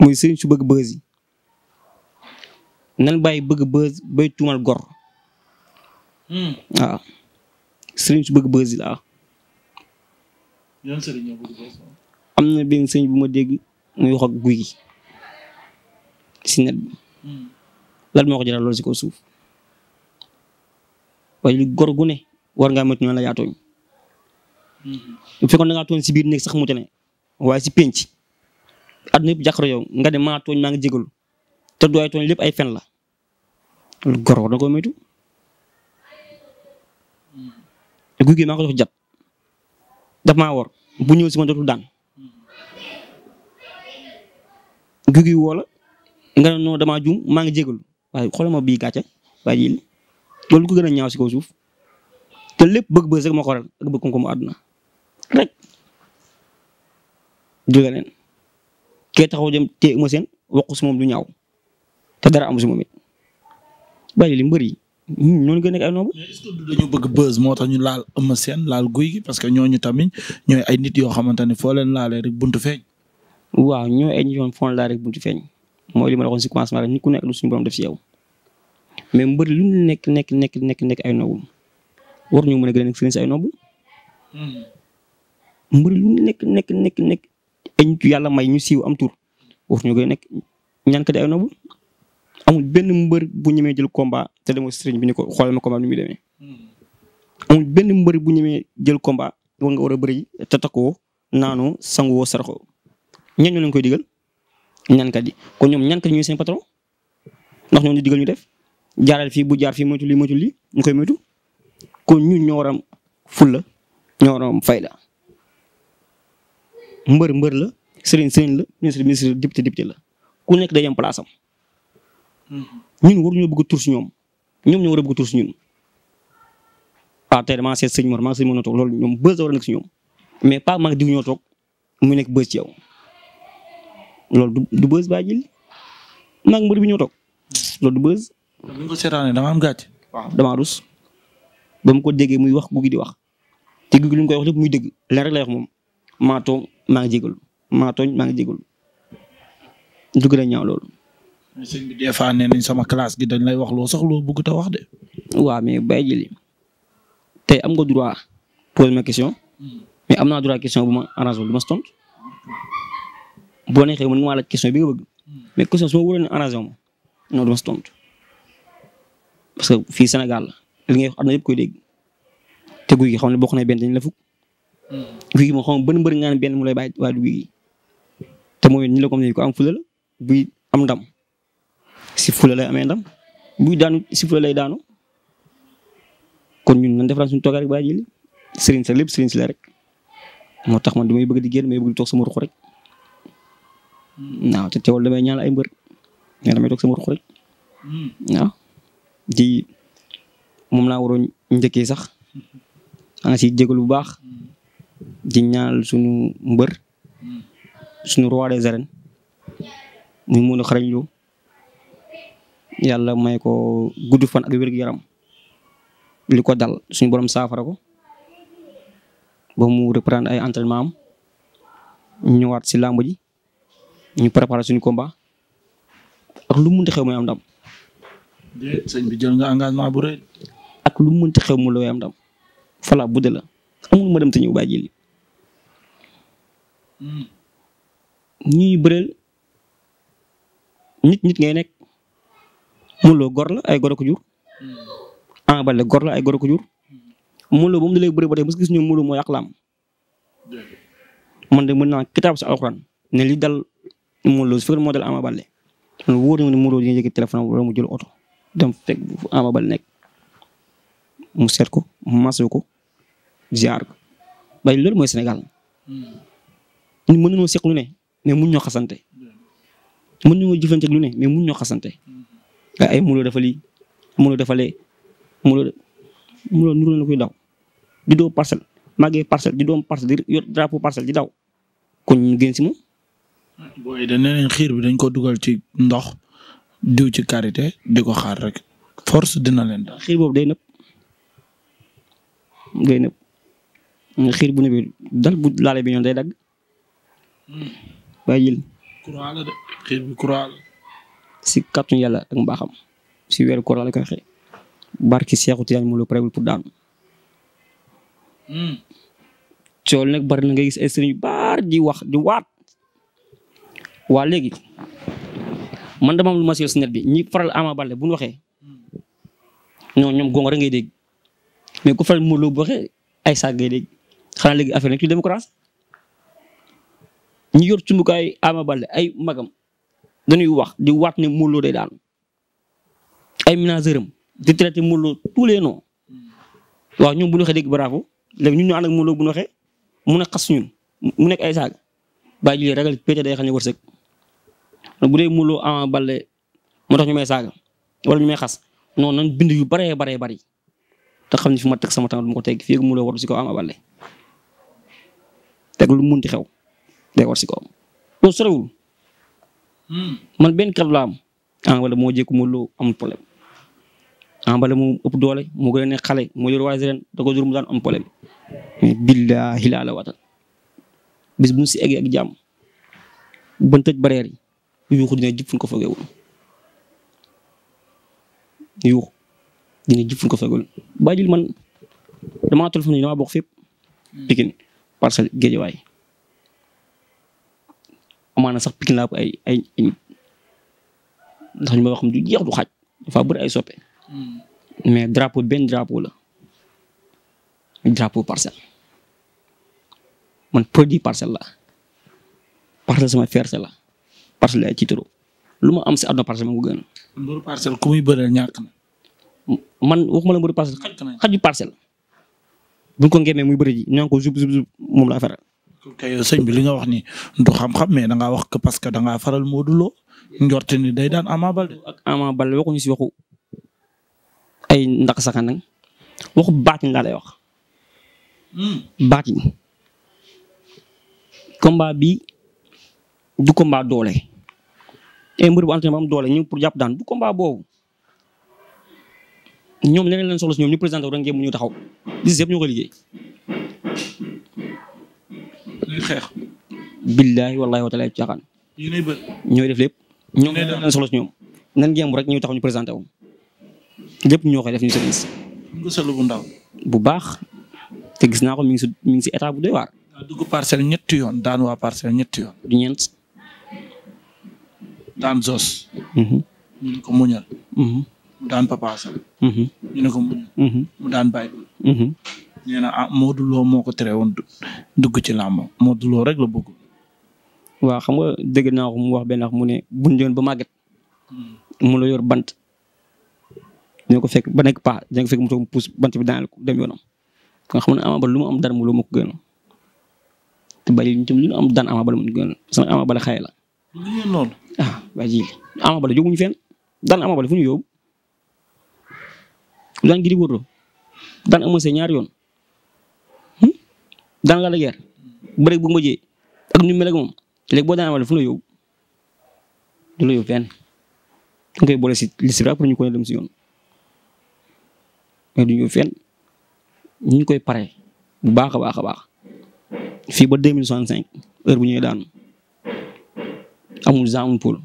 muy sëriñ su bëgg bës yi nan bàyyi bëgg bës bay tuumal gor hmm. waaw sëriñ su bëgg bës yi laa am na benn sëriñ bu ma dégg muy wax ak guy gi si net bi hmm. lan moo ko si kaw suuf waaye li gor gu war ngaa moytu ñu la yaa tooñ bu hmm. fekkoon da tooñ si biir néeg sax mu waaye si penc àdduna yëpp nga ne maa tooñ maa ngi jégalu te doy tooñ lépp ay fen la gor war na ko moytu guy maa ko jox jat daf maa war bu ñëw si ma dootul daan guy gi woo nga ne non juum maa ngi jégalu waaye xoolal ma bii gàcce waaye yéen loolu ko gën a ñaaw si kaw suuf te lépp bëgg-bëgg rek moo ko rek kee taxaw dem te Eumeu Sène waxu si moom lu ñaaw te dara amu si moom it bàyyi li mbër yi ñooñu gën a nekk ay noobu. est-ce que dañu bëgg buzz moo tax ñu laal Eumeu laal guy parce que ñooñu tamit ñooy ay nit yoo xamante ne foo leen laalee buntu feeñ. waaw ñooy ay nit yoo xam foo rek buntu feeñ mooy li ma la waxoon si ku nekk lu suñu borom si yow mais mbër lu ñu nekk nekk nekk nekk nekk ay noobu war ñu mën ay noobu. Hmm. mbër lu nekk nekk nekk nekk. ay yàlla may ñu siiw am tur waxuñu koy nekk ñaankati ay nobu amul benn mbër bu ñemee jël combat te demoo sëriñ bi ni ko xoolal ma combat bi ni demee. Hmm. amul benn mbër bu ñemee jël combat war nga war a bëri te takkoo naanoo sangoo saraxoo ñan ñoo leen koy digal ñaankat yi kon ñoom ñaankat ñooy seen patron ndax ñoo ñu digal ñu def jaaral fii bu jaar fii moytu lii moytu lii ñu koy moytu kon ñun ñoo war fulla ñoo war fayda mbër mbër la sëriñ sëriñ la ministre ministre député député la ku nekk day am place am. ñun waruñoo bëgg a tur si ñoom ñoom ñoo war a bëgg a tur si ñun. ah tey damaa seet sëñ Mor maa ngi sëñ Mor toog loolu ñoom bës la war a nekk si ñoom mais pas maa ngi diw ñoo toog mu nekk bës ci yow loolu du du bës baa jëli maa mbër bi ñoo toog loolu du bës. ni nga ko seetaanee dama am waaw damaa rus ba mu ko déggee muy wax gugi di wax te gugi lu mu koy wax lépp muy dëgg leen rek lay wax moom. maa tooñ maa ngi jégalu maa tooñ maa ngi jégalu du gën a ñaaw loolu. sëñ bi des fois nee nañ sama classe gi dañ lay wax loo sax loo bëgg ta wax de. waaw mais Baye Djily tey am nga droit poser ma question. Hmm. mais am naa droit question bu ma arrangé wul du ma si tontu boo neexee mën nga maa laaj question bi nga bëgg hmm. mais question su ma wóoree ne arrangé ma non du ma si tontu parce que fii Sénégal la li ngay wax am na yëpp koy dégg te guy gi xam ne bokk na benn dañ la fukk guy gi moom xam bën bën nga benn mu lay bàyyi waa du guy te moom it ñu la ko ko am fula la buy am ndam si fula lay amee ndam buy daanu si fula lay daanu kon ñun nan defaraat suñu toogaay rek bàyyi ji li sëriñ sa lépp sëriñ si la rek moo tax man du may bëgg di may bëgg di toog sama ruq rek waaw te teewul damay ñaan ay mbër la damay toog sama ruq rek waaw di moom laa waroon njëkkee sax ana si jégalu bu baax. di ñaanal suñu mbër suñu roi des arènes mun Modou Xarañ Lo yàlla may ko gudd fan ak wér yaram li ko dal suñu borom saafara ko ba mu reprendre ay entraînement am ñëwaat si làmb ji ñu préparer suñu combat ak lu mun mënti xew mooy am ndam. bu rëy. ak lu mu mënti xew mu am ndam fala budde la. amul ma dem te ñëw Baye Jili ñuy bëreel nit nit ngay nekk Modou Lo gor la ay gor a ko jur. Ama Baldé gor ay gor a ko ba mu dalee bëre ba tey mos gis ñu Modou Lo mooy ak laam man de mën naa kitaab sa alxuraan ne li dal Modou Lo su fekkee moo dal Ama Baldé man mu jël oto dem mu seet ko masu ko. ziar ko waaye loolu mooy Sénégal ñun mën nañoo seq ne mais mun ñoo xasante mën jëfante lu ne mais mun ñoo xasante ay muloo dafa lii muloo dafa lee muloo koy daw di doo parcelle màggee parcelle di doom parcelle di yor drapeau parcelle di daw kon ñu gën si moom. booy dañ ne xiir bi dañ ko dugal ci ndox diw ci karité di ko xaar rek force dina leen daal. xiir boobu day nëb day nëb. xiir bu ne bi dal bu laale bi ñoon day dagg. Hmm. bàyyil. courant si kàttanu yàlla ak mbaaxam si weeru koor la koy xëy barki Seexu Tijaan mu la pareewul pour daanu. Hmm. cool nag bari na nga gis ay sëriñ baar di wax di waat. waa léegi man dama am lu ma si net bi ñi faral Ama Baldé bu ñu waxee. Hmm. ñoom gongo rek ngay dégg mais ku faral Modou Lô bu ay saag ngay dégg. xanaa léegi affaire nekk ci démocratie ñu yor cumbukaay Ama Baldé ay magam dañuy wax di waat ne Modou de day daanu ay ménageuram di traité Modou Lô tous les waaw ñoom bu ñu waxee dégg bravo léegi ñu ànd ak Modou bu ñu mu mun xas ñun mu nekk ay saaga bàyyi ji ragal pété day xam ne wërsëg bu dee Modou Lô Ama Baldé moo tax ñu may saaga wala ñu may xas noonu nañ bind yu baree baree bari te xam ne fi ma teg sama temps du ko teg fii ak Modou war si ko Ama Baldé teg lu munti xew day war si ko am loolu sorewul hmm. man benn kàddu am Ama moo jékku Modou Lô problème Ama Baldé moo ëpp doole moo gën a nekk xale moo yor waa Zérén da ko jur mu daan am problème mais billaahi laa la si eggee ak jàmm ban tëj barrière dina jub ko fogeewul yuuxu dina jub ko fogeewul bàyyil man damaa téléphone yi damaa bokk fépp hmm. Pikine Parcelles Guédiawaye amaana sax Pikine laa ko ay ay nit ma wax xam du jeex du xaaj dafa bëri ay soppe hmm. mais drapeau benn drapeau la drapeau Parcelles man produit Parcelles la Parcelles sama fierté la Parcelles la ay titre lu ma am si àdduna Parcelles ma ko gën. mbiru Parcelles ku muy bëreel ñàkk na. man waxuma la mbiru Parcelles xaju Parcelles. buñ ko ngémmee muy bëri ji ñaan ko jub jub jub moom laa kay sëñ bi li nga wax ni du xam-xam mais da wax que parce que da faral Modou Lo njort ni day daan Ama Baldé ak Ama Baldé waxuñu si waxu ay ndax sax nag waxu baatin laa lay wax. Hmm. baatin combat bi du komba doole. ay mbir bu entraîné ba am doole ñu pour jàpp daan du combat boobu. ñoom leneen leen soxla si ñoom ñu présenté wu rek ngeen ñu taxaw bis yëpp ñoo ko liggéey. xeex. billaahi wallaahi wa def lépp. ñoo leneen leen soxla si ñoom. nan ngeen rek ñu taxaw ñu présenté wu. lépp ñoo koy def ñu service. bu ndaw. bu baax te gis naa ko mi ngi si mi ngi si état bu doy waar. daa dugg parcelle yoon daan waa parcelle ñett yoon. du ñeent. daan Zos. Mhm. ñu ne ko mu mm-hmm. daan bàyyi. Mm-hmm. nee na ah Modou Lo moo ko tere woon dugg ci làmb moo Lo rek la bëgg. waaw xam nga dégg naa mu wax benn wax mu ne buñ joon ba màgget. Mm. mu la yor bant. dina ko fekk ba nekk paa dina ko fekk mu toog puus bant bi daaneel ko dem yoonam. kon xam ne Ama am dara mu loo ma ko gënoon. te bàyyi ñu tam lu am daan Ama Baldé mu gënoon parce que Ama la. lu ah, daan Ama Baldé fu ñu yóbbu. daan Gris Bordeaux daan Eumeu Sène ñaari yoon hmm? daan Lac de Guiers bëre bu mujjee ak ñu mel ak moom léegi boo daan amal fu la yóbbu du la yóbbu fenn dañ koy boole si liste bi pour ñu koy dem si yoon mais du ñu fenn ñu koy pare bu baax a baax a baax fii ba deux mille soixante cinq heure bu ñëwee daanu amul zaa amul pôle